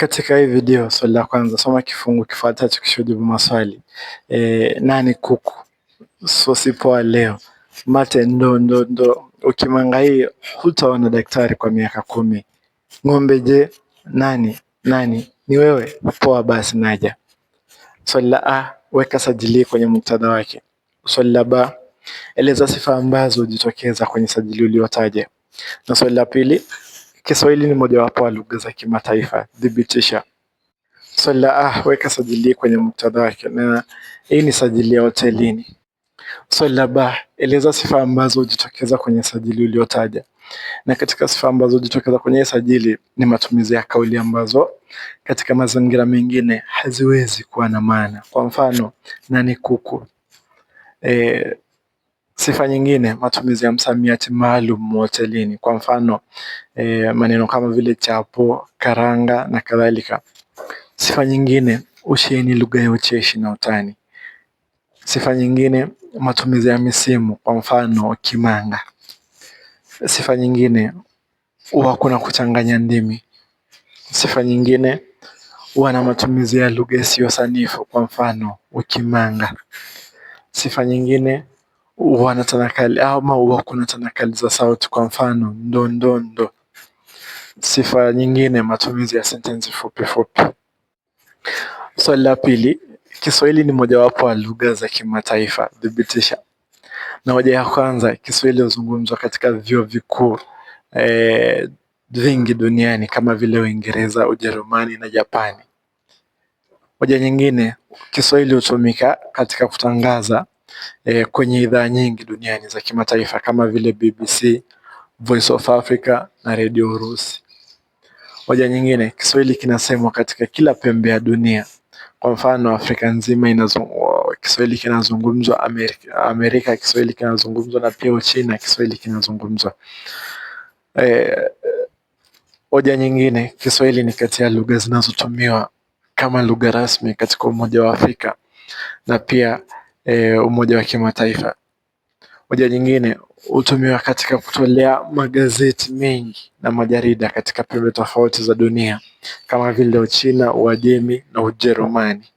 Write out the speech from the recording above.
Katika hii video swali la kwanza, soma kifungu kifuatacho kisha jibu maswali. E, nani kuku? Sosi poa leo. Mate ndo ndo ndo. Ukimanga hii hutaona daktari kwa miaka kumi. Ng'ombe je, nani nani? Ni wewe. Poa basi, naja. Swali la a, weka sajili kwenye muktadha wake. Swali la ba, eleza sifa ambazo hujitokeza kwenye sajili uliotaja, na swali la pili Kiswahili ni mojawapo wa lugha za kimataifa. Thibitisha. Swali la ah, weka sajili kwenye muktadha wake, na hii ni sajili ya hotelini. Swali la ba, eleza sifa ambazo hujitokeza kwenye sajili uliotaja. Na katika sifa ambazo hujitokeza kwenye sajili ni matumizi ya kauli ambazo katika mazingira mengine haziwezi kuwa na maana. Kwa mfano, nani kuku? E, Sifa nyingine, matumizi ya msamiati maalum hotelini, kwa mfano e, maneno kama vile chapo, karanga na kadhalika. Sifa nyingine, usheni lugha ya ucheshi na utani. Sifa nyingine, matumizi ya misimu, kwa mfano kimanga. Sifa nyingine, kuna kuchanganya ndimi. Sifa nyingine, wana matumizi ya lugha isiyo sanifu, kwa mfano ukimanga. Sifa nyingine wanatanakali ama wako na tanakali za sauti, kwa mfano ndo, ndo, ndo. Sifa nyingine, matumizi ya sentensi fupi fupi. Swali la pili, Kiswahili ni mojawapo wa lugha za kimataifa, thibitisha. Na hoja ya kwanza, Kiswahili huzungumzwa katika vyuo vikuu eh, vingi duniani kama vile Uingereza, Ujerumani na Japani. Hoja nyingine, Kiswahili hutumika katika kutangaza e, kwenye idhaa nyingi duniani za kimataifa kama vile BBC, Voice of Africa na Radio Urusi. Hoja nyingine, Kiswahili kinasemwa katika kila pembe ya dunia. Kwa mfano, Afrika nzima inazungumzwa Kiswahili, kinazungumzwa Amerika, Amerika Kiswahili kinazungumzwa na pia Uchina Kiswahili kinazungumzwa. Hoja eh, e, nyingine, Kiswahili ni kati ya lugha zinazotumiwa kama lugha rasmi katika Umoja wa Afrika na pia e, umoja wa kimataifa. Hoja nyingine hutumiwa katika kutolea magazeti mengi na majarida katika pembe tofauti za dunia kama vile Uchina, Uajemi na Ujerumani.